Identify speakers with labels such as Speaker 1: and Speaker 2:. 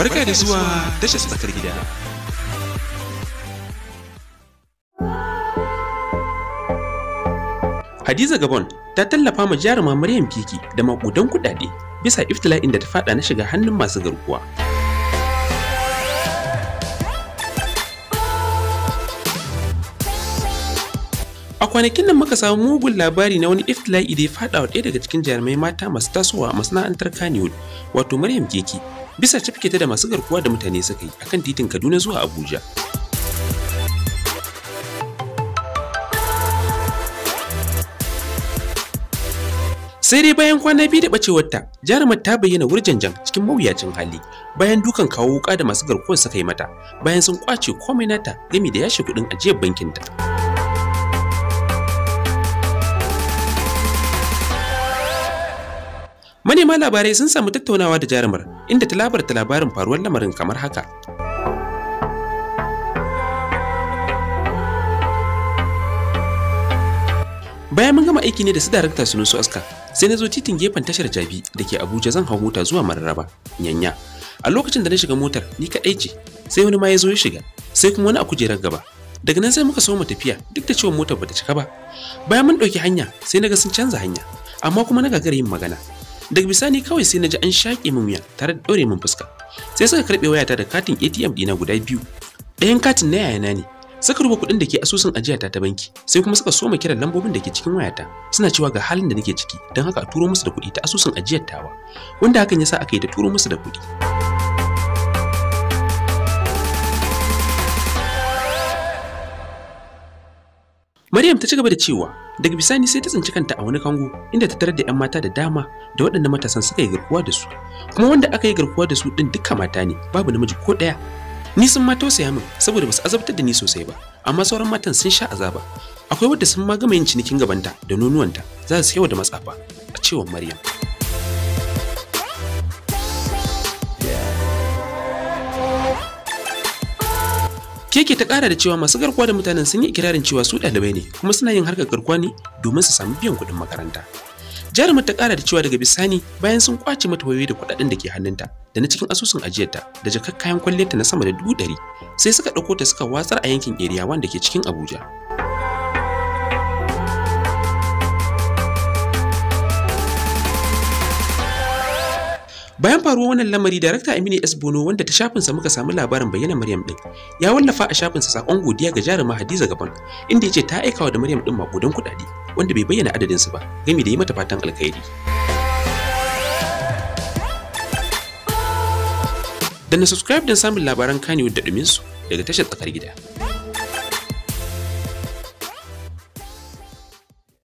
Speaker 1: Barka da zuwa tashar tsakar gida. Hadiza Gabon ta tallafa ma jaruma Maryam Keke da makudan kuɗaɗe bisa iftila'in da ta faɗa na shiga hannun masu garkuwa. A kwanakin nan muka samu mugun labari na wani iftila'i da ya faɗa wa ɗaya daga cikin jarumai mata masu tasowa a masana'antar Kannywood, wato Maryam Keke, bisa cafke ta da masu garkuwa da mutane suka yi akan titin Kaduna zuwa Abuja. Sai dai bayan kwana biyu da bacewarta, jarumar ta bayyana wurjanjan cikin mawuyacin hali bayan dukan kawo wuka da masu garkuwar suka yi mata, bayan sun kwace komai nata gami da yashe kuɗin ajiyar bankinta. Manema labarai sun samu tattaunawa da jarumar inda ta labarta labarin faruwar lamarin kamar haka. Bayan mun gama aiki ne da su darakta Sunusu Aska, sai na zo titin gefen tashar Jabi da ke Abuja zan hau mota zuwa Mararaba, Nyanya. A lokacin da na shiga motar, ni kaɗai ce, sai wani ma ya zo ya shiga, sai kuma wani a kujerar gaba. Daga nan sai muka so mu tafiya duk da cewa motar bata cika ba. Bayan mun ɗauki hanya, sai na ga sun canza hanya, amma kuma na gagara yin magana. daga bisani kawai sai na ji an shaƙe min wuya tare da ɗaure min fuska sai suka karɓe wayata da katin atm ɗina guda biyu ɗayan katin na yayana ne suka ruba kuɗin da ke asusun ajiyata ta banki sai kuma suka soma kiran lambobin da ke cikin wayata suna cewa ga halin da nake ciki don haka a turo musu da kuɗi ta asusun ajiyar wanda hakan ya sa aka yi ta turo musu da kuɗi. Maryam ta ci gaba da cewa Daga bisani sai ta tsinci kanta a wani kango inda ta tarar da 'yan mata da dama da waɗanda matasan suka yi garkuwa da su. Kuma wanda aka yi garkuwa da su ɗin duka mata ne, babu namiji ko ɗaya. Ni sun ma tausaya min saboda ba su azabtar da ni sosai ba, amma sauran matan sun sha azaba. Akwai wadda sun ma gama yin cinikin gabanta da nonuwanta za su yawa da matsafa, a cewar Maryam. Keke ta kara da cewa masu garkuwa da mutanen sun yi ikirarin cewa su ɗalibai ne kuma suna yin harkar garkuwa ne domin su samu biyan kuɗin makaranta. Jarumar ta kara da cewa daga bisani bayan sun kwace mata wayoyi da kuɗaɗen da ke hannunta da na cikin asusun ajiyarta da jakar kayan kwalliyarta na sama da dubu ɗari sai suka ɗauko ta suka watsar a yankin eriya wanda ke cikin Abuja. Bayan faruwar wannan lamari, Darakta Aminu S. Bono wanda ta shafin sa muka samu labarin bayyana Maryam din, ya wallafa a shafin sa sakon godiya ga jaruma Hadiza gaban, inda ya ce ta aikawa da Maryam din makudan kuɗaɗe, wanda bai bayyana adadin su ba, gami da yi mata fatan alkhairi. Da na subscribe don samun labaran Kanye da su daga tashar tsakar gida.